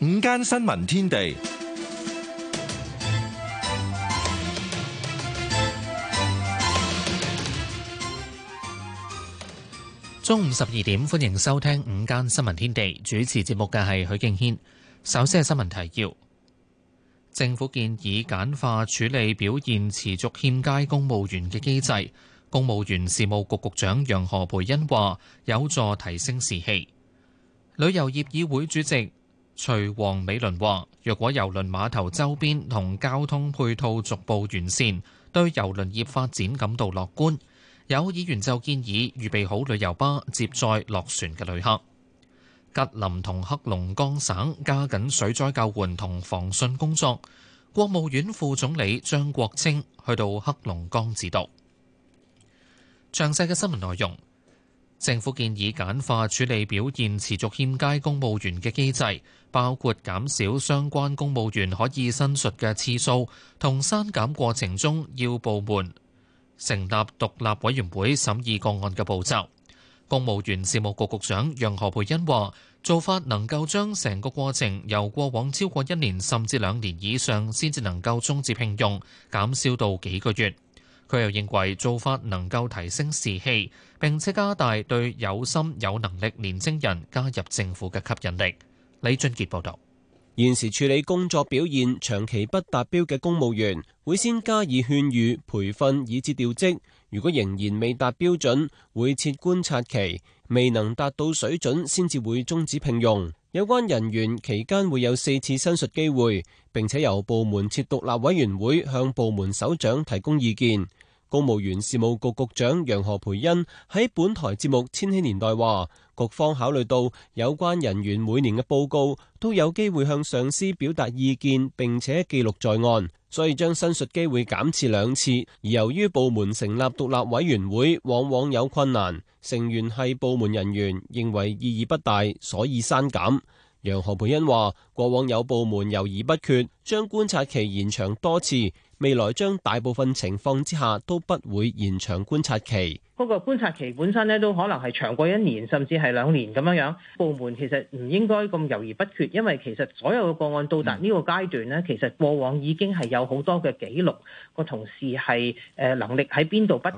午間新聞天地，中午十二點歡迎收聽午間新聞天地。主持節目嘅係許敬軒。首先係新聞提要：政府建議簡化處理表現持續欠佳公務員嘅機制。公務員事務局局，局長楊何培恩話，有助提升士氣。旅遊業議會主席。徐王美倫話：若果郵輪碼頭周邊同交通配套逐步完善，對郵輪業發展感到樂觀。有議員就建議預備好旅遊巴接載落船嘅旅客。吉林同黑龍江省加緊水災救援同防汛工作。國務院副總理張國清去到黑龍江指導。詳細嘅新聞內容。政府建議簡化處理表現持續欠佳公務員嘅機制，包括減少相關公務員可以申述嘅次數，同刪減過程中要部門成立獨立委員會審議個案嘅步驟。公務員事務局局，局長楊何培恩話：做法能夠將成個過程由過往超過一年甚至兩年以上先至能夠終止聘用，減少到幾個月。佢又認為做法能夠提升士氣，並且加大對有心有能力年青人加入政府嘅吸引力。李俊傑報導。現時處理工作表現長期不達標嘅公務員，會先加以勸喻、培訓，以至調職。如果仍然未達標準，會設觀察期，未能達到水準，先至會終止聘用。有關人員期間會有四次申述機會，並且由部門設獨立委員會向部門首長提供意見。公務員事務局局長楊何蓓茵喺本台節目《千禧年代》話。局方考慮到有關人員每年嘅報告都有機會向上司表達意見，並且記錄在案，所以將申述機會減至兩次。而由於部門成立獨立委員會，往往有困難，成員係部門人員，認為意義不大，所以刪減。楊何培恩話：過往有部門猶豫不決，將觀察期延長多次，未來將大部分情況之下都不會延長觀察期。嗰個觀察期本身咧都可能係長過一年，甚至係兩年咁樣樣。部門其實唔應該咁猶豫不決，因為其實所有嘅個案到達呢個階段咧，其實過往已經係有好多嘅記錄。個同事係誒能力喺邊度不及？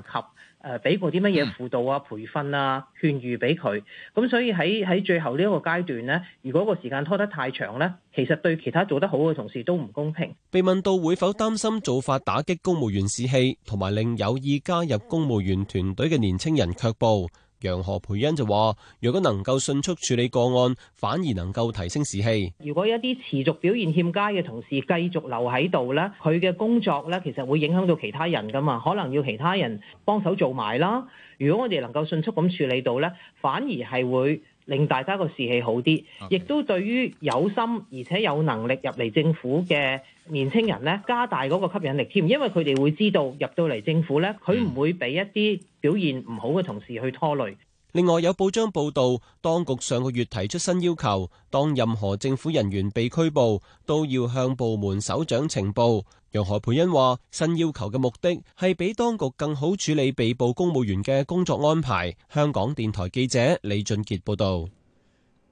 誒俾嗰啲乜嘢輔導啊、培訓啊、勸喻俾佢，咁所以喺喺最後呢一個階段呢，如果個時間拖得太長呢，其實對其他做得好嘅同事都唔公平。被問到會否擔心做法打擊公務員士氣，同埋令有意加入公務員團隊嘅年青人卻步。楊何培恩就話，如果能夠迅速處理個案，反而能夠提升士氣。如果有一啲持續表現欠佳嘅同事繼續留喺度咧，佢嘅工作咧其實會影響到其他人噶嘛，可能要其他人幫手做埋啦。如果我哋能夠迅速咁處理到咧，反而係會。令大家個士氣好啲，Okay. 亦都對於有心而且有能力入嚟政府嘅年青人呢，加大嗰個吸引力添，因為佢哋會知道入到嚟政府呢，佢唔會俾一啲表現唔好嘅同事去拖累。另外有報章報道，當局上個月提出新要求，當任何政府人員被拘捕，都要向部門首長呈報。楊何蓓茵話，新要求嘅目的係俾當局更好處理被捕公務員嘅工作安排。香港電台記者李俊杰報道。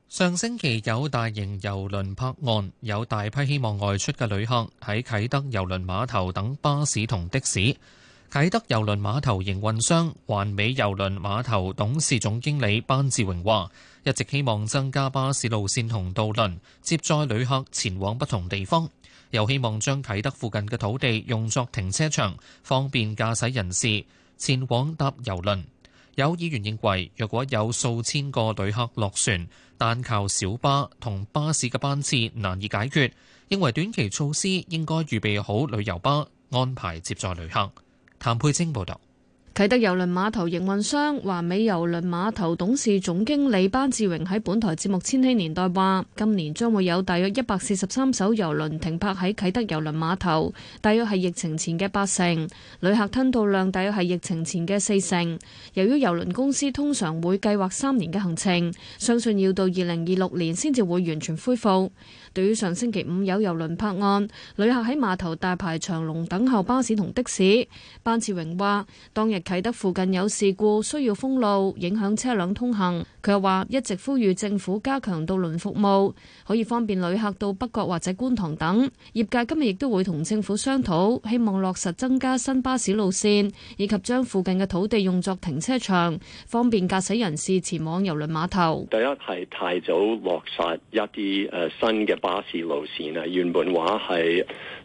上星期有大型郵輪泊岸，有大批希望外出嘅旅客喺啟德郵輪碼頭等巴士同的士。啟德郵輪碼頭營運商環美郵輪碼頭董事總經理班志榮話，一直希望增加巴士路線同渡輪接載旅客前往不同地方，又希望將啟德附近嘅土地用作停車場，方便駕駛人士前往搭郵輪。有議員認為，若果有數千個旅客落船，單靠小巴同巴士嘅班次難以解決，認為短期措施應該預備好旅遊巴，安排接載旅客。譚佩貞報道，啟德郵輪碼頭營運商華美郵輪碼頭董事總經理班志榮喺本台節目《千禧年代》話，今年將會有大約一百四十三艘郵輪停泊喺啟德郵輪碼頭，大約係疫情前嘅八成；旅客吞吐量大約係疫情前嘅四成。由於郵輪公司通常會計劃三年嘅行程，相信要到二零二六年先至會完全恢復。對於上星期五有遊輪泊岸，旅客喺碼頭大排長龍等候巴士同的士，班次榮話當日啟德附近有事故需要封路，影響車輛通行。佢又話一直呼籲政府加強渡輪服務，可以方便旅客到北角或者觀塘等。業界今日亦都會同政府商討，希望落實增加新巴士路線，以及將附近嘅土地用作停車場，方便駕駛人士前往遊輪碼頭。第一係太早落實一啲誒新嘅。巴士路線啊，原本話係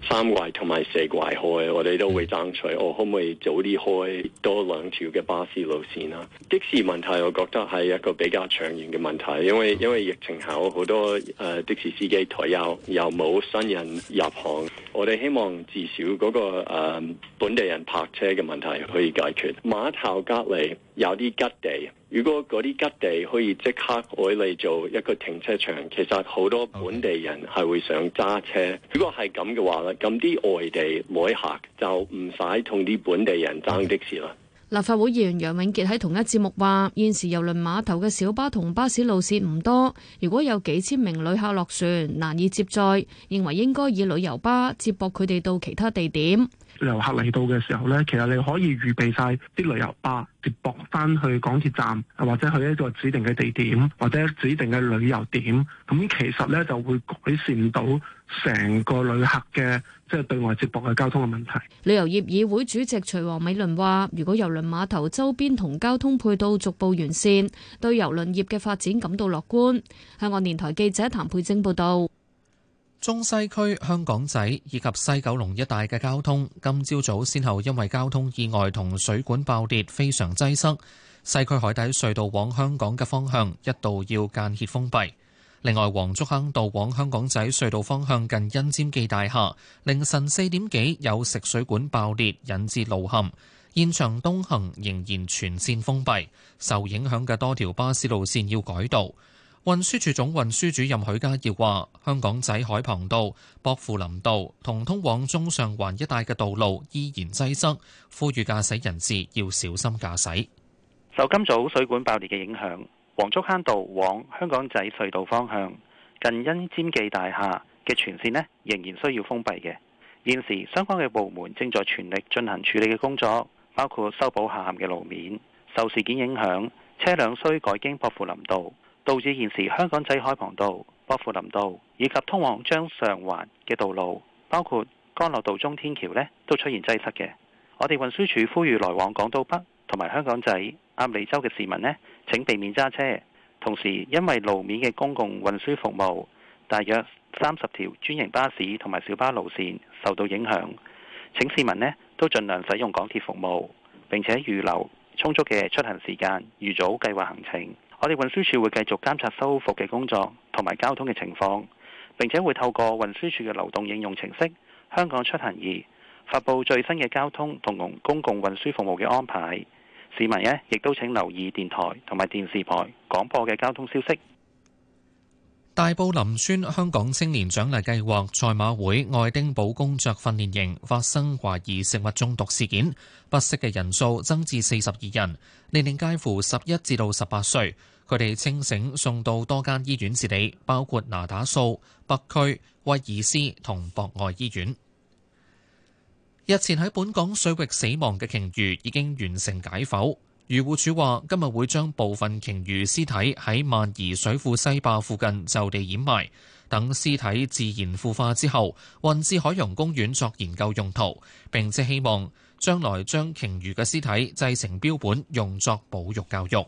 三個同埋四個開，我哋都會爭取。我可唔可以早啲開多兩條嘅巴士路線啊？ 的士問題，我覺得係一個比較長遠嘅問題，因為因為疫情後好多誒、呃、的士司機退休，又冇新人入行。我哋希望至少嗰、那個誒、呃、本地人泊車嘅問題可以解決。碼頭隔籬有啲吉地。如果嗰啲吉地可以即刻可以嚟做一個停車場，其實好多本地人係會想揸車。如果係咁嘅話咧，咁啲外地旅客就唔使同啲本地人爭的士啦。立法會議員楊永杰喺同一節目話現時郵輪碼頭嘅小巴同巴士路線唔多，如果有幾千名旅客落船，難以接載，認為應該以旅遊巴接駁佢哋到其他地點。旅遊客嚟到嘅時候呢，其實你可以預備晒啲旅遊巴接駁翻去港鐵站，或者去一個指定嘅地點或者指定嘅旅遊點，咁其實，呢就會改善到成個旅客嘅即係對外接駁嘅交通嘅問題。旅遊業議會主席徐王美倫話，如果郵輪碼頭周邊同交通配套逐步完善，對郵輪業嘅發展感到樂觀。香港電台記者譚佩晶報道。中西區香港仔以及西九龍一帶嘅交通，今朝早先後因為交通意外同水管爆裂非常擠塞。西區海底隧道往香港嘅方向一度要間歇封閉。另外，黃竹坑道往香港仔隧道方向近恩尖記大廈，凌晨四點幾有食水管爆裂引致路陷，現場東行仍然全線封閉。受影響嘅多條巴士路線要改道。運輸處總運輸主任許家耀話，香港仔海旁道、薄扶林道同通往中上環一帶嘅道路依然擠塞，呼籲駕駛人士要小心駕駛。受今早水管爆裂嘅影響，黃竹坑道往香港仔隧道方向近因尖記大廈嘅全線呢，仍然需要封閉嘅。現時相關嘅部門正在全力進行處理嘅工作，包括修補下陷嘅路面。受事件影響，車輛需改經薄扶林道。導致現時香港仔海旁道、薄扶林道以及通往將上環嘅道路，包括干諾道中天橋呢，都出現擠塞嘅。我哋運輸署呼籲來往港島北同埋香港仔、鴨脷洲嘅市民呢，請避免揸車。同時，因為路面嘅公共運輸服務，大約三十條專營巴士同埋小巴路線受到影響，請市民呢，都盡量使用港鐵服務，並且預留充足嘅出行時間，預早計劃行程。我哋運輸署會繼續監察修復嘅工作同埋交通嘅情況，並且會透過運輸署嘅流動應用程式《香港出行易》發布最新嘅交通同公共運輸服務嘅安排。市民咧亦都請留意電台同埋電視台廣播嘅交通消息。大埔林村香港青年獎勵計劃賽馬會愛丁堡工作訓練營發生懷疑食物中毒事件，不適嘅人數增至四十二人，年齡介乎十一至到十八歲。佢哋清醒，送到多間醫院治理，包括拿打素、北區、威爾斯同博愛醫院。日前喺本港水域死亡嘅鯨魚已經完成解剖，漁護署話今日會將部分鯨魚屍體喺萬宜水庫西壩附近就地掩埋，等屍體自然腐化之後運至海洋公園作研究用途。並且希望將來將鯨魚嘅屍體製成標本，用作保育教育。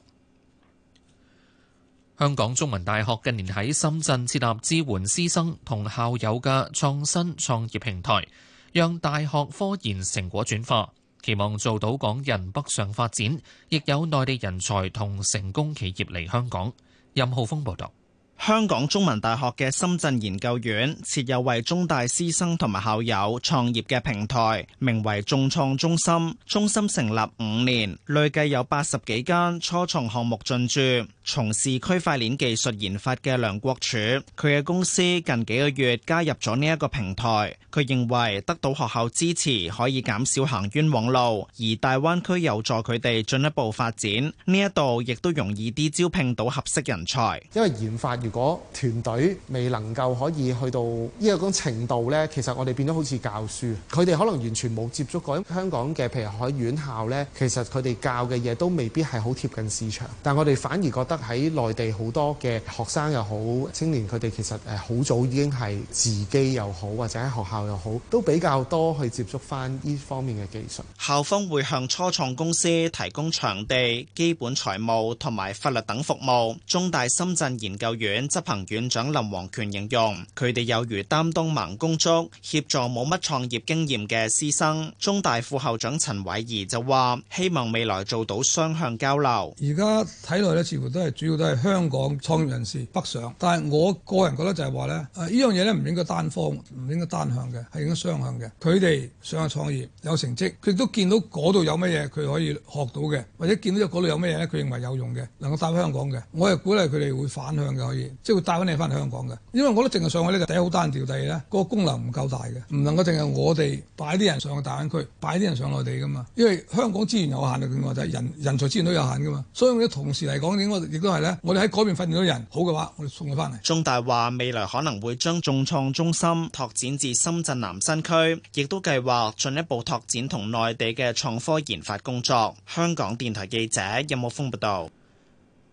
香港中文大學近年喺深圳設立支援師生同校友嘅創新創業平台，讓大學科研成果轉化，期望做到港人北上發展，亦有內地人才同成功企業嚟香港。任浩峰報道：香港中文大學嘅深圳研究院設有為中大師生同埋校友創業嘅平台，名為眾創中心。中心成立五年，累計有八十幾間初創項目進駐。從事區塊鏈技術研發嘅梁國柱，佢嘅公司近幾個月加入咗呢一個平台。佢認為得到學校支持可以減少行冤枉路，而大灣區有助佢哋進一步發展。呢一度亦都容易啲招聘到合適人才。因為研發如果團隊未能夠可以去到呢個程度呢，其實我哋變咗好似教書。佢哋可能完全冇接觸過香港嘅，譬如喺院校呢，其實佢哋教嘅嘢都未必係好貼近市場。但我哋反而覺得。喺內地好多嘅學生又好，青年佢哋其實誒好早已經係自己又好，或者喺學校又好，都比較多去接觸翻呢方面嘅技術。校方會向初創公司提供場地、基本財務同埋法律等服務。中大深圳研究院執行院長林黃權形容，佢哋有如擔當盲公竹，協助冇乜創業經驗嘅師生。中大副校長陳偉儀就話：希望未來做到雙向交流。而家睇來呢似乎都～主要都係香港創業人士北上，但係我個人覺得就係話咧，啊，呢樣嘢咧唔應該單方，唔應該單向嘅，係應該雙向嘅。佢哋想去創業有成績，佢都見到嗰度有乜嘢佢可以學到嘅，或者見到嗰度有乜嘢咧，佢認為有用嘅，能夠帶翻香港嘅，我係鼓勵佢哋會反向嘅，可以即係會帶翻你翻香港嘅。因為我覺得淨係上去咧，第一好單調，第二咧，呢個功能唔夠大嘅，唔能夠淨係我哋擺啲人上大灣區，擺啲人上內地噶嘛。因為香港資源有限嘅，我哋就係人、人才資源都有限噶嘛，所以我哋同時嚟講，我哋。亦都係咧，我哋喺嗰邊訓練到人好嘅話，我哋送佢翻嚟。中大話未來可能會將眾創中心拓展至深圳南新區，亦都計劃進一步拓展同內地嘅創科研發工作。香港電台記者任木峰報道，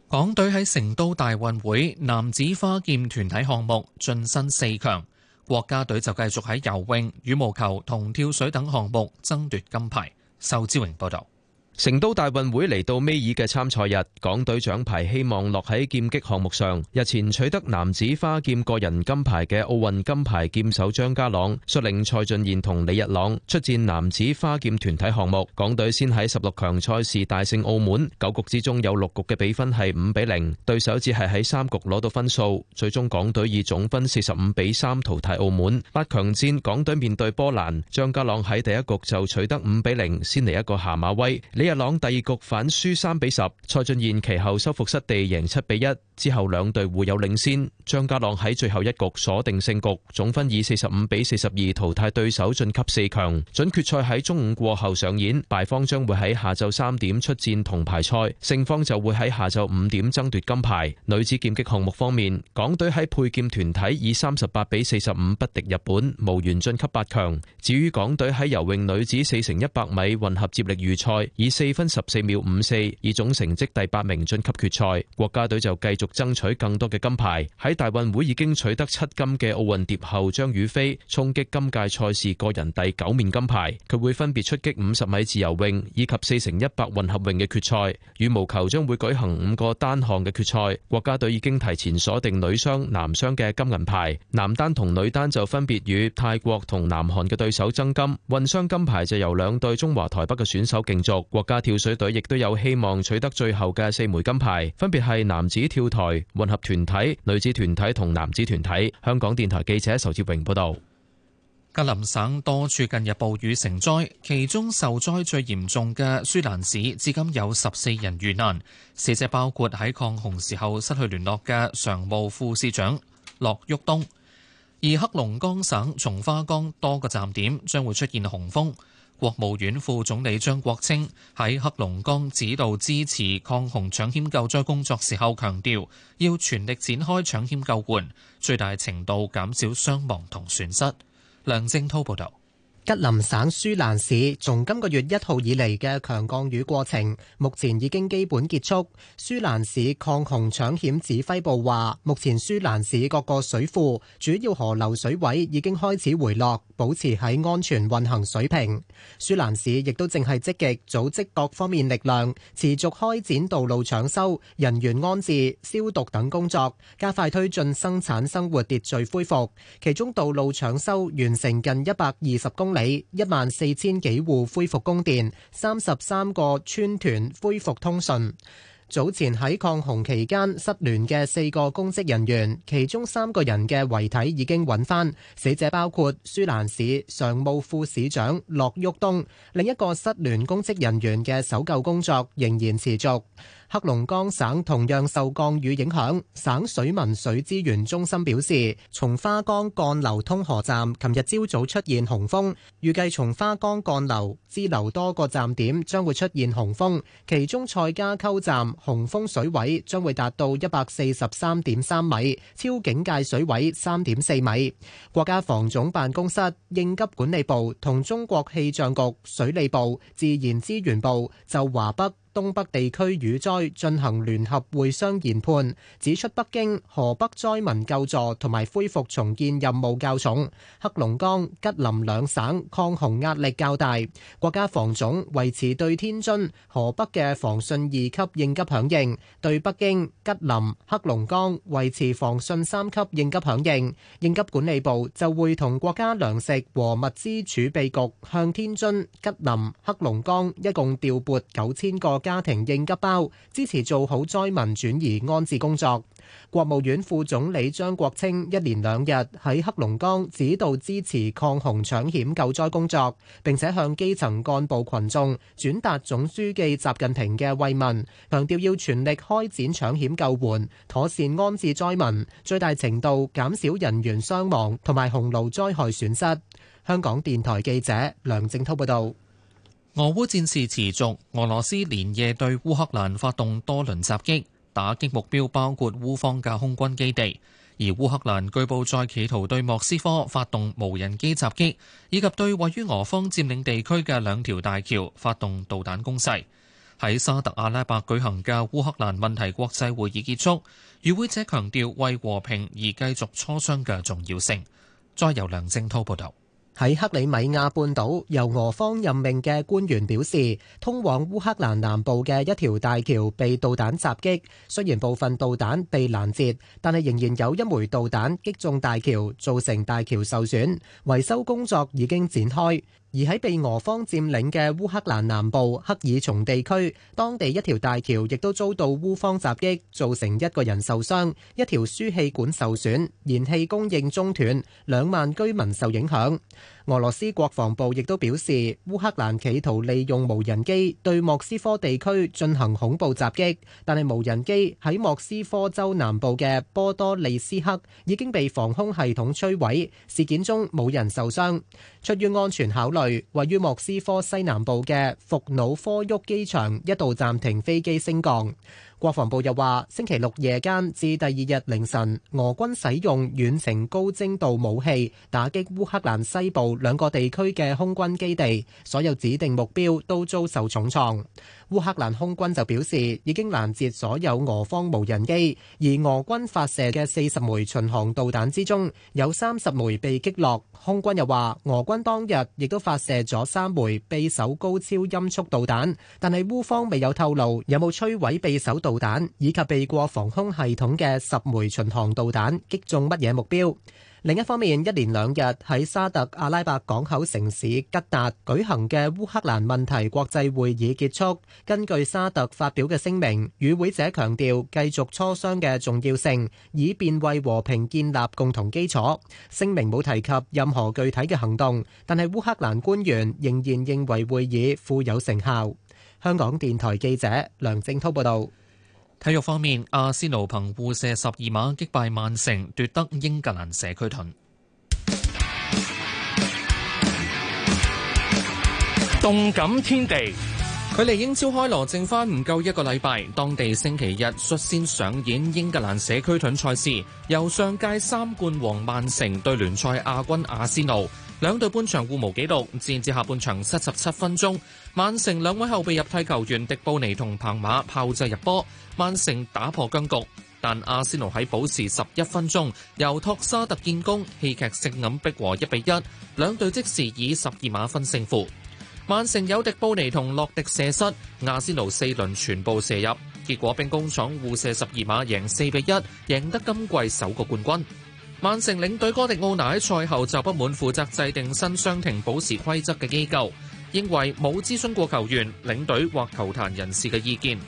港隊喺成都大運會男子花劍團體項目晉身四強，國家隊就繼續喺游泳、羽毛球同跳水等項目爭奪金牌。仇志榮報道。成都大運會嚟到尾爾嘅參賽日，港隊獎牌希望落喺劍擊項目上。日前取得男子花劍個人金牌嘅奧運金牌劍手張家朗，率領蔡俊賢同李日朗出戰男子花劍團體項目。港隊先喺十六強賽事大勝澳門，九局之中有六局嘅比分係五比零，對手只係喺三局攞到分數，最終港隊以總分四十五比三淘汰澳門。八強戰，港隊面對波蘭，張家朗喺第一局就取得五比零，先嚟一個下馬威。李日朗第二局反輸三比十，蔡俊彥其後收復失地贏七比一，之後兩隊互有領先。張家朗喺最後一局鎖定勝局，總分以四十五比四十二淘汰對手晉級四強。準決賽喺中午過後上演，敗方將會喺下晝三點出戰銅牌賽，勝方就會喺下晝五點爭奪金牌。女子劍擊項目方面，港隊喺配劍團體以三十八比四十五不敵日本，無緣晉級八強。至於港隊喺游泳女子四乘一百米混合接力預賽以四分十四秒五四，以總成績第八名晉級決賽。國家隊就繼續爭取更多嘅金牌。喺大運會已經取得七金嘅奧運蝶后張雨霏衝擊今屆賽事個人第九面金牌。佢會分別出擊五十米自由泳以及四乘一百混合泳嘅決賽。羽毛球將會舉行五個單項嘅決賽。國家隊已經提前鎖定女雙、男雙嘅金銀牌。男單同女單就分別與泰國同南韓嘅對手爭金。混雙金牌就由兩對中華台北嘅選手競逐。國家跳水隊亦都有希望取得最後嘅四枚金牌，分別係男子跳台、混合團體、女子團體同男子團體。香港電台記者仇志榮報道。吉林省多處近日暴雨成災，其中受災最嚴重嘅舒蘭市，至今有十四人遇難，死者包括喺抗洪時候失去聯絡嘅常務副市長駱旭東。而黑龍江省松花江多個站點將會出現洪峰。國務院副總理張國清喺黑龍江指導支持抗洪搶險救災工作時候強調，要全力展開搶險救援，最大程度減少傷亡同損失。梁正濤報道。吉林省舒蘭市從今個月一號以嚟嘅強降雨過程，目前已經基本結束。舒蘭市抗洪搶險指揮部話，目前舒蘭市各個水庫、主要河流水位已經開始回落，保持喺安全運行水平，舒蘭市亦都正係積極組織各方面力量，持續開展道路搶修、人員安置、消毒等工作，加快推進生產生活秩序恢復，其中，道路搶修完成近一百二十公里，一萬四千幾戶恢復供電，三十三個村屯恢復通訊。早前喺抗洪期間失聯嘅四個公職人員，其中三個人嘅遺體已經揾翻，死者包括舒蘭市常務副市長駱旭東。另一個失聯公職人員嘅搜救工作仍然持續。黑龍江省同樣受降雨影響，省水文水資源中心表示，松花江幹流通河站琴日朝早出現洪峰，預計松花江幹流支流多個站點將會出現洪峰，其中蔡家溝站洪峰水位將會達到一百四十三點三米，超警戒水位三點四米。國家防總辦公室、應急管理部同中國氣象局水利部、自然資源部就華北東北地區雨災進行聯合會商研判，指出北京、河北災民救助同埋恢復重建任務較重，黑龍江、吉林兩省抗洪壓力較大。國家防總維持對天津、河北嘅防汛二級應急響應，對北京、吉林、黑龍江維持防汛三級應急響應。應急管理部就會同國家糧食和物資儲備局向天津、吉林、黑龍江一共調撥九千個家庭應急包，支持做好災民轉移安置工作。國務院副總理張國清一連兩日喺黑龍江指導支持抗洪搶險救災工作，並且向基層幹部群眾轉達總書記習近平嘅慰問，強調要全力開展搶險救援、妥善安置災民，最大程度減少人員傷亡同埋洪澇災害損失。香港電台記者梁靜滔報道。俄烏戰事持續，俄羅斯連夜對烏克蘭發動多輪襲擊，打擊目標包括烏方嘅空軍基地；而烏克蘭據報再企圖對莫斯科發動無人機襲擊，以及對位於俄方佔領地區嘅兩條大橋發動導彈攻勢。喺沙特阿拉伯舉行嘅烏克蘭問題國際會議結束，與會者強調為和平而繼續磋商嘅重要性。再由梁正滔報道。喺克里米亞半島，由俄方任命嘅官員表示，通往烏克蘭南部嘅一條大橋被導彈襲擊。雖然部分導彈被攔截，但係仍然有一枚導彈擊中大橋，造成大橋受損。維修工作已經展開。而喺被俄方佔領嘅烏克蘭南部克爾松地區，當地一條大橋亦都遭到烏方襲擊，造成一個人受傷，一條輸氣管受損，燃氣供應中斷，兩萬居民受影響。俄羅斯國防部亦都表示，烏克蘭企圖利用無人機對莫斯科地區進行恐怖襲擊，但係無人機喺莫斯科州南部嘅波多利斯克已經被防空系統摧毀。事件中冇人受傷。出於安全考慮，位於莫斯科西南部嘅伏努科沃機場一度暫停飛機升降。國防部又話，星期六夜間至第二日凌晨，俄軍使用遠程高精度武器打擊烏克蘭西部兩個地區嘅空軍基地，所有指定目標都遭受重創。烏克蘭空軍就表示已經攔截所有俄方無人機，而俄軍發射嘅四十枚巡航導彈之中，有三十枚被擊落。空軍又話，俄軍當日亦都發射咗三枚匕首高超音速導彈，但係烏方未有透露有冇摧毀匕首導彈，以及避過防空系統嘅十枚巡航導彈擊中乜嘢目標。另一方面，一連兩日喺沙特阿拉伯港口城市吉達舉行嘅烏克蘭問題國際會議結束。根據沙特發表嘅聲明，與會者強調繼續磋商嘅重要性，以便為和平建立共同基礎。聲明冇提及任何具體嘅行動，但係烏克蘭官員仍然認為會議富有成效。香港電台記者梁正滔報道。體育方面，阿仙奴憑互射十二碼擊敗曼城，奪得英格蘭社區盾。動感天地，距離英超開鑼剩翻唔夠一個禮拜，當地星期日率先上演英格蘭社區盾賽事，由上屆三冠王曼城對聯賽亞軍阿仙奴。兩隊半場互無紀錄，戰至下半場七十七分鐘，曼城兩位後備入替球員迪布尼同彭馬炮製入波，曼城打破僵局。但阿仙奴喺保持十一分鐘，由托沙特建功，戲劇性咁逼和一比一，兩隊即時以十二碼分勝負。曼城有迪布尼同洛迪射失，阿仙奴四輪全部射入，結果兵工廠互射十二碼贏四比一，贏得今季首個冠軍。曼城領隊哥迪奧拿喺賽後就不滿負責制定新傷停補時規則嘅機構，認為冇諮詢過球員、領隊或球壇人士嘅意見。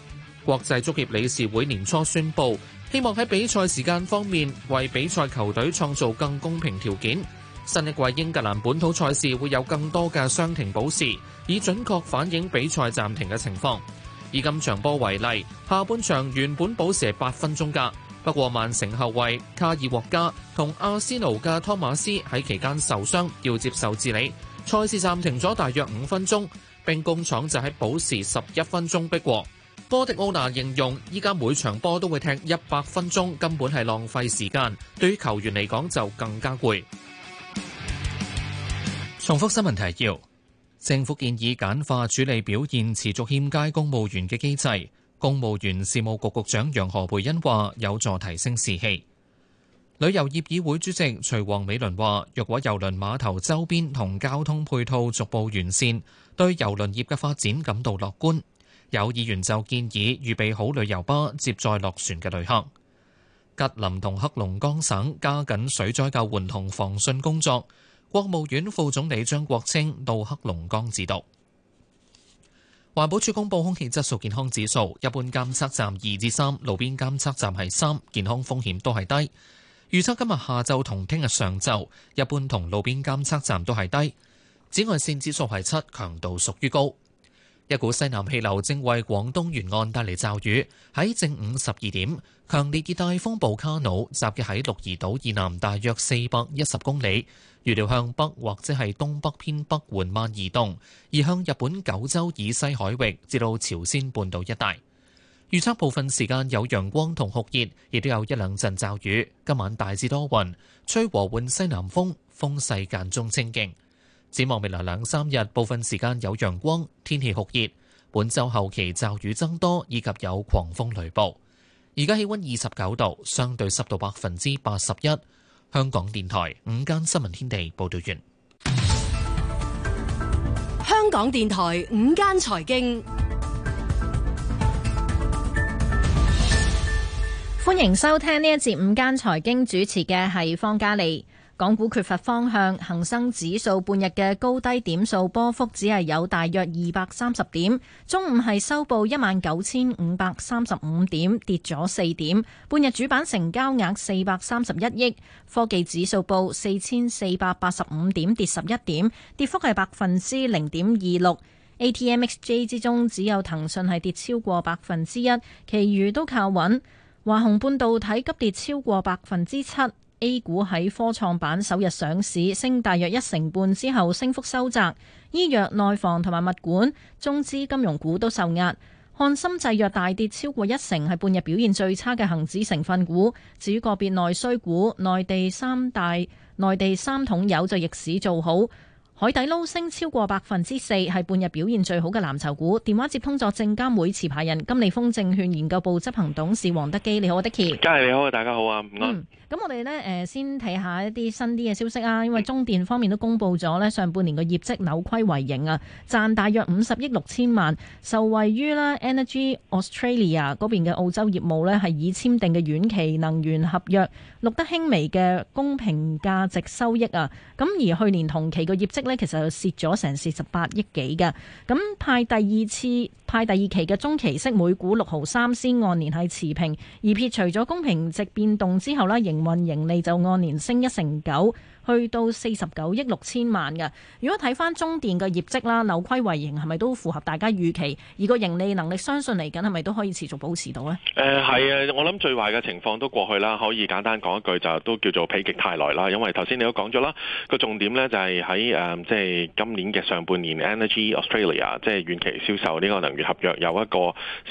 國際足協理事會年初宣布，希望喺比賽時間方面為比賽球隊創造更公平條件。新一季英格蘭本土賽事會有更多嘅傷停補時，以準確反映比賽暫停嘅情況。以今場波為例，下半場原本補時八分鐘㗎。不過，曼城後衛卡爾獲加同阿斯奴加托馬斯喺期間受傷，要接受治理，賽事暫停咗大約五分鐘，兵工廠就喺補時十一分鐘逼和。波迪奧娜形容依家每場波都會踢一百分鐘，根本係浪費時間，對於球員嚟講就更加攰。重複新聞提要：政府建議簡化處理表現持續欠佳公務員嘅機制。公務員事務局局長楊何蓓茵話：有助提升士氣。旅遊業議會主席徐王美倫話：若果郵輪碼頭周邊同交通配套逐步完善，對郵輪業嘅發展感到樂觀。有議員就建議預備好旅遊巴接載落船嘅旅客。吉林同黑龍江省加緊水災救援同防汛工作。國務院副總理張國清到黑龍江指導。環保署公布空氣質素健康指數，一般監測站二至三，路邊監測站係三，健康風險都係低。預測今日下晝同聽日上晝，一般同路邊監測站都係低。紫外線指數係七，強度屬於高。一股西南氣流正為廣東沿岸帶嚟驟雨，喺正午十二點，強烈熱帶風暴卡努襲擊喺鹿兒島以南大約四百一十公里，預料向北或者係東北偏北緩慢移動，而向日本九州以西海域至到朝鮮半島一帶。預測部分時間有陽光同酷熱，亦都有一兩陣驟雨。今晚大致多雲，吹和緩西南風，風勢間中清勁。展望未來兩三日，部分時間有陽光，天氣酷熱。本周後期驟雨增多，以及有狂風雷暴。而家氣溫二十九度，相對濕度百分之八十一。香港電台午間新聞天地報道完。香港電台午間財經，歡迎收聽呢一節午間財經，主持嘅係方嘉莉。港股缺乏方向，恒生指數半日嘅高低點數波幅只係有大約二百三十點。中午係收報一萬九千五百三十五點，跌咗四點。半日主板成交額四百三十一億。科技指數報四千四百八十五點，跌十一點，跌幅係百分之零點二六。A T M X J 之中只有騰訊係跌超過百分之一，其餘都靠穩。華虹半導體急跌超過百分之七。A 股喺科創板首日上市，升大約一成半之後，升幅收窄。醫藥、內房同埋物管、中資金融股都受壓。漢森製藥大跌超過一成，係半日表現最差嘅恒指成分股。至於個別內需股，內地三大、內地三桶油就逆市做好。海底撈升超過百分之四，係半日表現最好嘅藍籌股。電話接通咗證監會持牌人金利豐證券研究部執行董事王德基。你好，我的 K。家係你好大家好啊，唔該。咁、嗯、我哋咧誒，先睇下一啲新啲嘅消息啊。因為中電方面都公布咗咧，上半年嘅業績扭虧為盈啊，賺大約五十億六千萬，受惠於啦 Energy Australia 邊嘅澳洲業務咧係已簽訂嘅遠期能源合約錄得輕微嘅公平價值收益啊。咁而去年同期嘅業績。咧，其實就蝕咗成四十八億幾㗎，咁派第二次。派第二期嘅中期息，每股六毫三仙，按年係持平，而撇除咗公平值變動之後，呢，營運盈利就按年升一成九，去到四十九億六千萬嘅。如果睇翻中電嘅業績啦，扭虧為盈係咪都符合大家預期，而個盈利能力相信嚟緊係咪都可以持續保持到呢？誒係、呃、啊，我諗最壞嘅情況都過去啦，可以簡單講一句就都叫做否極泰來啦。因為頭先你都講咗啦，個重點呢就係喺誒即係今年嘅上半年 Energy Australia 即係遠期銷售呢個能源。合約有一個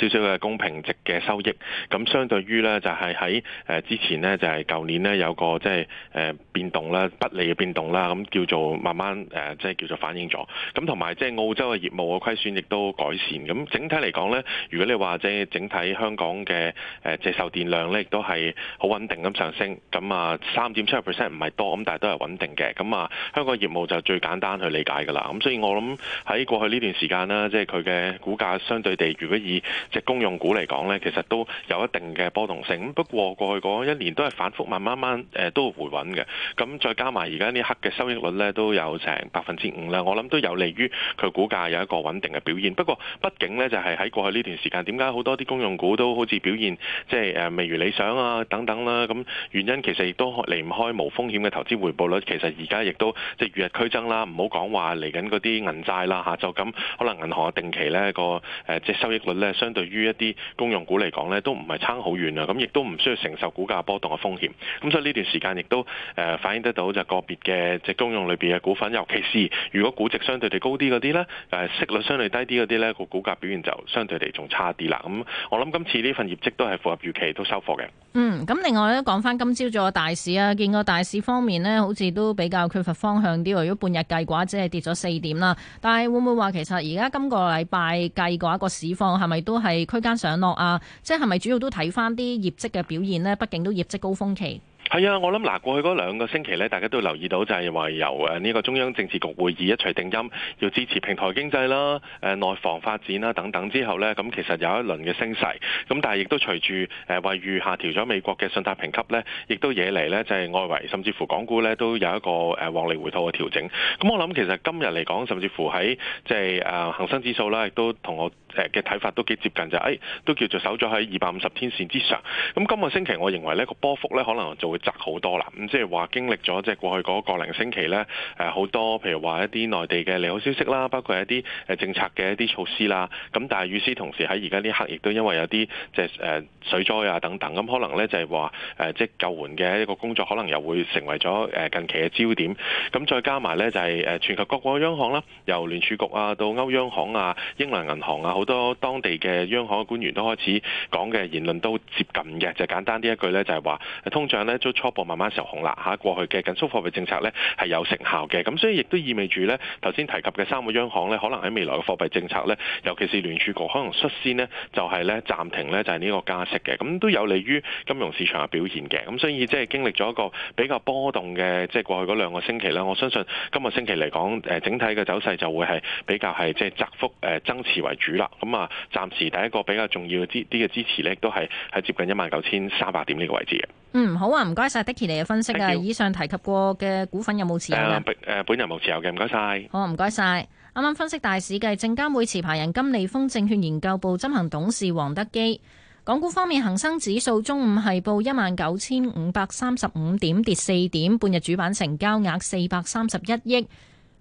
少少嘅公平值嘅收益，咁相對於咧就係喺誒之前呢，就係舊年呢，有個即係誒變動啦，不利嘅變動啦，咁叫做慢慢誒即係叫做反映咗，咁同埋即係澳洲嘅業務嘅虧損亦都改善，咁整體嚟講呢，如果你話即係整體香港嘅誒售電量咧亦都係好穩定咁上升，咁啊三點七個 percent 唔係多，咁但係都係穩定嘅，咁啊香港業務就最簡單去理解㗎啦，咁所以我諗喺過去呢段時間啦，即係佢嘅股價。相對地，如果以即係公用股嚟講呢，其實都有一定嘅波動性。不過過去嗰一年都係反覆，慢慢慢誒、呃、都會回穩嘅。咁再加埋而家呢刻嘅收益率呢，都有成百分之五啦，我諗都有利於佢股價有一個穩定嘅表現。不過畢竟呢，就係、是、喺過去呢段時間，點解好多啲公用股都好似表現即係誒未如理想啊等等啦、啊？咁原因其實亦都離唔開無風險嘅投資回報率，其實而家亦都即係如日俱增啦。唔好講話嚟緊嗰啲銀債啦嚇，就咁可能銀行定期呢個。誒即收益率呢，相對於一啲公用股嚟講呢，都唔係差好遠啊！咁亦都唔需要承受股價波動嘅風險。咁所以呢段時間亦都誒反映得到，就個別嘅即公用裏邊嘅股份，尤其是如果估值相對地高啲嗰啲呢，誒息率相對低啲嗰啲呢，個股價表現就相對地仲差啲啦。咁我諗今次呢份業績都係符合預期，都收貨嘅。嗯，咁另外咧講翻今朝早嘅大市啊，見個大市方面呢，好似都比較缺乏方向啲。如果半日計嘅話，只係跌咗四點啦。但係會唔會話其實而家今個禮拜計？個一個市況，係咪都係區間上落啊？即係，係咪主要都睇翻啲業績嘅表現咧？畢竟都業績高峰期。係啊，我諗嗱，過去嗰兩個星期咧，大家都留意到就係話由誒呢個中央政治局會議一錘定音，要支持平台經濟啦、誒內房發展啦等等之後咧，咁其實有一輪嘅升勢。咁但係亦都隨住誒惠譽下調咗美國嘅信貸評級咧，亦都惹嚟咧就係外圍甚至乎港股咧都有一個誒獲利回吐嘅調整。咁我諗其實今日嚟講，甚至乎喺即係誒恆生指數啦，亦都同我。誒嘅睇法都幾接近，就、哎、誒都叫做守咗喺二百五十天線之上。咁、嗯、今個星期，我認為呢個波幅呢可能就會窄好多啦。咁即係話經歷咗即係過去嗰個零星期呢，誒好多譬如話一啲內地嘅利好消息啦，包括一啲政策嘅一啲措施啦。咁但係與此同時，喺而家呢刻亦都因為有啲即係誒水災啊等等，咁、嗯、可能呢就係話誒即係救援嘅一個工作，可能又會成為咗誒近期嘅焦點。咁、嗯、再加埋呢，就係、是、誒全球各個央行啦，由聯儲局啊到歐央行啊、英倫銀行啊，好多當地嘅央行嘅官員都開始講嘅言論都接近嘅，就是、簡單啲一，一句呢，就係話通脹呢都初步慢慢受控啦嚇。過去嘅緊縮貨幣政策呢係有成效嘅，咁所以亦都意味住呢，頭先提及嘅三個央行呢，可能喺未來嘅貨幣政策呢，尤其是聯儲局可能率先呢，就係呢暫停呢，停就係呢個加息嘅，咁都有利於金融市場嘅表現嘅。咁所以即係經歷咗一個比較波動嘅即係過去嗰兩個星期呢，我相信今個星期嚟講誒整體嘅走勢就會係比較係即係窄幅誒增持為主啦。咁啊，暫時第一個比較重要嘅支啲嘅支持咧，都係喺接近一萬九千三百點呢個位置嘅。嗯，好啊，唔該晒 Dickie 你嘅分析啊。Thank you. 以上提及過嘅股份有冇持有咧、呃？本人冇持有嘅，唔該晒。好、啊，唔該晒。啱啱分析大市嘅證監會持牌人金利豐證券研究部執行董事黃德基。港股方面，恒生指數中午係報一萬九千五百三十五點，跌四點。半日主板成交額四百三十一億。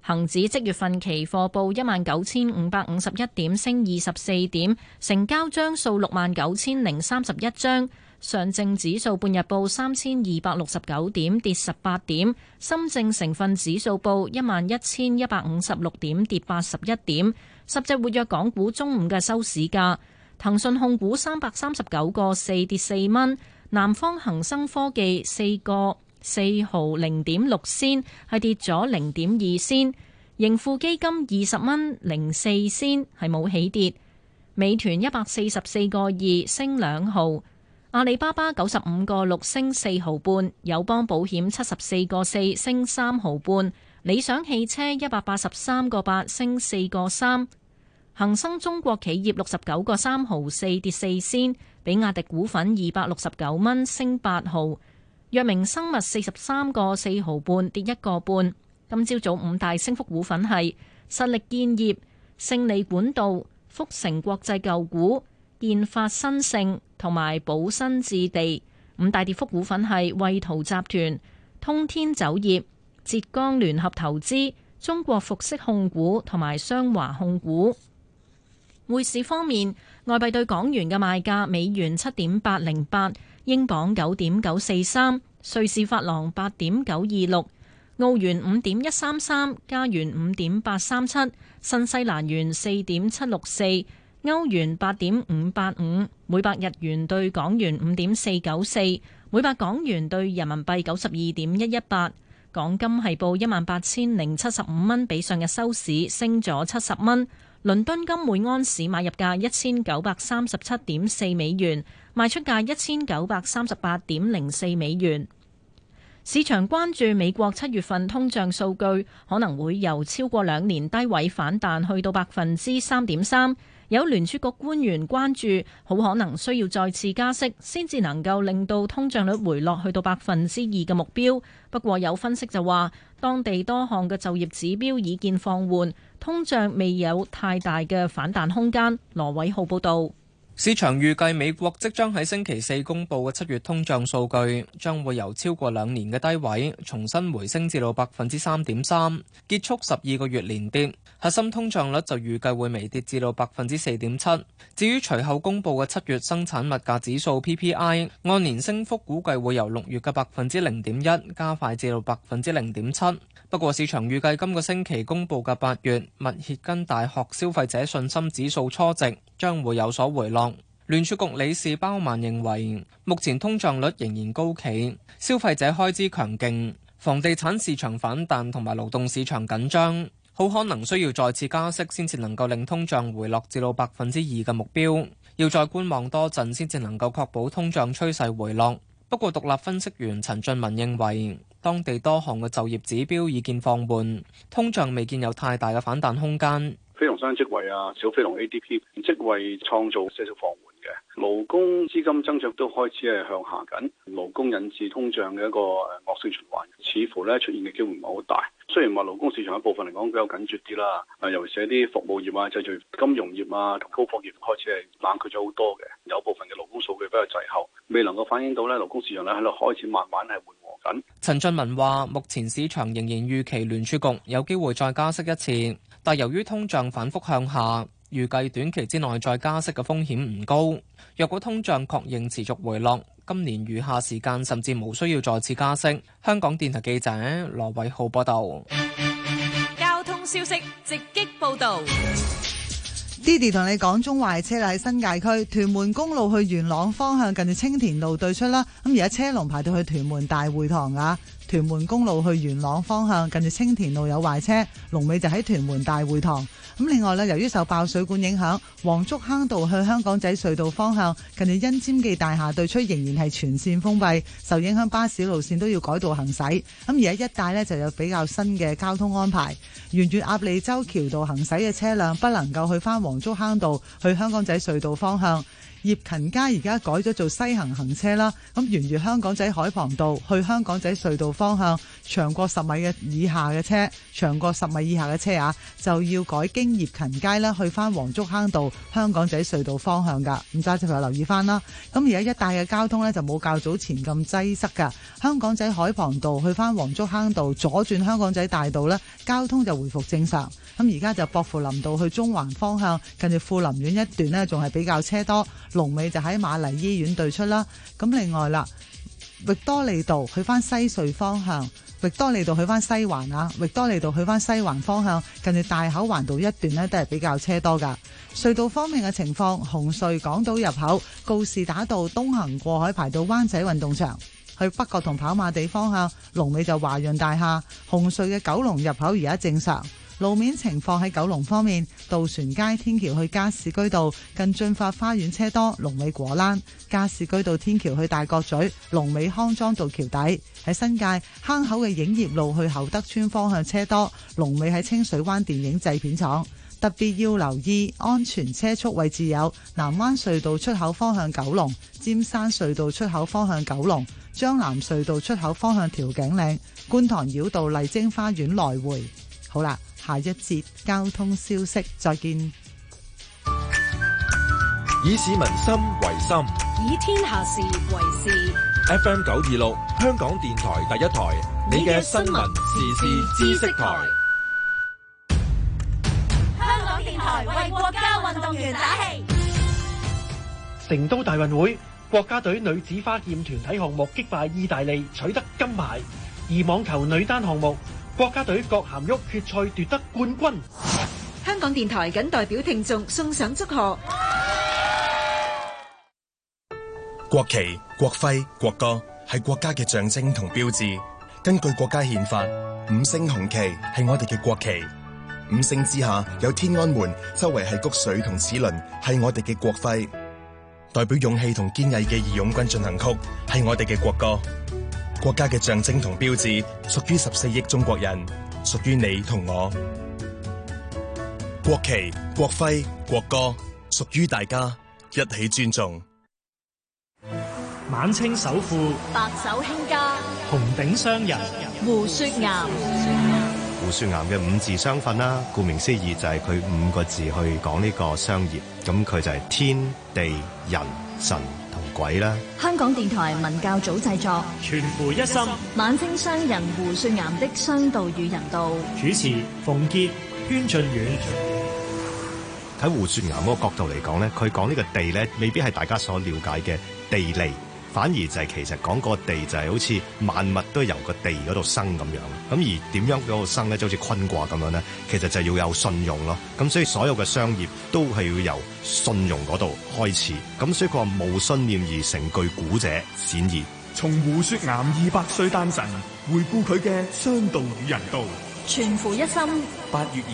恒指即月份期貨報一萬九千五百五十一點，升二十四點，成交張數六萬九千零三十一張。上證指數半日報三千二百六十九點，跌十八點。深證成分指數報一萬一千一百五十六點，跌八十一點。十隻活躍港股中午嘅收市價，騰訊控股三百三十九個四跌四蚊，南方恒生科技四個。四毫零點六仙，係跌咗零點二仙。盈富基金二十蚊零四仙，係冇起跌。美團一百四十四個二升兩毫，阿里巴巴九十五個六升四毫半，友邦保險七十四個四升三毫半，理想汽車一百八十三個八升四個三，恒生中國企業六十九個三毫四跌四仙，比亞迪股份二百六十九蚊升八毫。藥明生物四十三個四毫半跌一個半。今朝早，早五大升幅股份係實力建業、勝利管道、福成國際舊股、建發新盛同埋保新置地。五大跌幅股份係惠陶集團、通天酒業、浙江聯合投資、中國服飾控股同埋雙華控股。匯市方面，外幣對港元嘅賣價，美元七點八零八。英鎊九點九四三，瑞士法郎八點九二六，澳元五點一三三，加元五點八三七，新西蘭元四點七六四，歐元八點五八五，每百日元對港元五點四九四，每百港元對人民幣九十二點一一八。港金係報一萬八千零七十五蚊，比上日收市升咗七十蚊。倫敦金每安士買入價一千九百三十七點四美元。賣出價一千九百三十八點零四美元。市場關注美國七月份通脹數據可能會由超過兩年低位反彈去到百分之三點三。有聯儲局官員關注，好可能需要再次加息，先至能夠令到通脹率回落去到百分之二嘅目標。不過有分析就話，當地多項嘅就業指標已見放緩，通脹未有太大嘅反彈空間。羅偉浩報道。市場預計美國即將喺星期四公佈嘅七月通脹數據，將會由超過兩年嘅低位重新回升至到百分之三點三，結束十二個月連跌。核心通脹率就預計會微跌至到百分之四點七。至於隨後公佈嘅七月生產物價指數 （PPI），按年升幅估計會由六月嘅百分之零點一加快至到百分之零點七。不過，市場預計今個星期公佈嘅八月密歇根大學消費者信心指數初值。將會有所回落。聯儲局理事包曼認為，目前通脹率仍然高企，消費者開支強勁，房地產市場反彈同埋勞動市場緊張，好可能需要再次加息，先至能夠令通脹回落至到百分之二嘅目標。要再觀望多陣，先至能夠確保通脹趨勢回落。不過，獨立分析員陳俊文認為，當地多項嘅就業指標已見放緩，通脹未見有太大嘅反彈空間。非農山職位啊，小非農 A D P 職位創造指數放緩嘅勞工資金增長都開始係向下緊，勞工引致通脹嘅一個惡性循環，似乎咧出現嘅機會唔係好大。雖然話勞工市場一部分嚟講比較緊絀啲啦，啊，尤其是啲服務業啊、製造業、金融業啊同高科技業開始係冷卻咗好多嘅，有部分嘅勞工數據比較滯後，未能夠反映到咧勞工市場咧喺度開始慢慢係緩。陳俊文話：目前市場仍然預期聯儲局有機會再加息一次，但由於通脹反覆向下，預計短期之內再加息嘅風險唔高。若果通脹確認持續回落，今年餘下時間甚至無需要再次加息。香港電台記者羅偉浩報道。交通消息直擊報道。弟弟同你講，中壞車啦，喺新界區屯門公路去元朗方向，近住青田路對出啦，咁而家車龍排到去屯門大會堂啊。屯門公路去元朗方向近住青田路有壞車，龍尾就喺屯門大會堂。咁另外咧，由於受爆水管影響，黃竹坑道去香港仔隧道方向近住欣尖記大廈對出仍然係全綫封閉，受影響巴士路綫都要改道行駛。咁而家一帶咧，就有比較新嘅交通安排，沿住鴨脷洲橋道行駛嘅車輛不能夠去翻黃竹坑道去香港仔隧道方向。葉勤街而家改咗做西行行車啦，咁沿住香港仔海傍道去香港仔隧道方向，長過十米嘅以下嘅車，長過十米以下嘅車啊，就要改經葉勤街呢去翻黃竹坑道香港仔隧道方向噶。咁揸車朋友留意翻啦。咁而家一帶嘅交通呢，就冇較早前咁擠塞噶。香港仔海傍道去翻黃竹坑道左轉香港仔大道呢，交通就回復正常。咁而家就薄扶林道去中環方向，近住富林苑一段呢，仲係比較車多。龍尾就喺瑪麗醫院對出啦，咁另外啦，域多利道去返西隧方向，域多利道去返西環啊，域多利道去返西環方向，近住大口環道一段呢，都係比較車多噶。隧道方面嘅情況，紅隧港島入口、告士打道東行過海排到灣仔運動場，去北角同跑馬地方向，龍尾就華潤大廈，紅隧嘅九龍入口而家正常。路面情況喺九龍方面，渡船街天橋去加士居道近進發花園車多，龍尾果欄；加士居道天橋去大角咀，龍尾康莊道橋底。喺新界坑口嘅影業路去厚德村方向車多，龍尾喺清水灣電影製片廠。特別要留意安全車速位置，有南灣隧道出口方向九龍、尖山隧道出口方向九龍、將南隧道出口方向調景嶺、觀塘繞道麗晶花園來回。好啦。下一節交通消息，再見。以市民心為心，以天下事為事。FM 九二六，香港電台第一台，你嘅新聞時事知識台。香港電台為國家運動員打氣。成都大運會，國家隊女子花劍團體項目擊敗意大利，取得金牌。而網球女單項目。國家隊郭涵煜決賽奪得冠軍。香港電台謹代表聽眾送上祝賀。國旗、國徽、國歌係國家嘅象徵同標誌。根據國家憲法，五星紅旗係我哋嘅國旗。五星之下有天安門，周圍係穀穗同齒輪，係我哋嘅國徽，代表勇氣同堅毅嘅《義勇軍進行曲》係我哋嘅國歌。國家嘅象徵同標誌屬於十四億中國人，屬於你同我。國旗、國徽、國歌屬於大家，一起尊重。晚清首富、白手興家、紅頂商人，商人胡雪岩。胡雪岩嘅五字商訓啦，顧名思義就係佢五個字去講呢個商業，咁佢就係天地人神。鬼啦！香港電台文教組製作，全乎一心。一心晚清商人胡雪岩的商道與人道，主持馮傑、孫俊遠。喺胡雪岩嗰個角度嚟講咧，佢講呢個地咧，未必係大家所了解嘅地利。反而就係其實講個地就係好似萬物都由個地嗰度生咁樣，咁而點樣嗰度生咧，就好似坤卦咁樣咧，其實就係要有信用咯。咁所以所有嘅商業都係要由信用嗰度開始。咁所以佢話無信念而成句古者，顯而從胡雪岩二百歲誕辰，回顧佢嘅商道與人道，全乎一心。八月。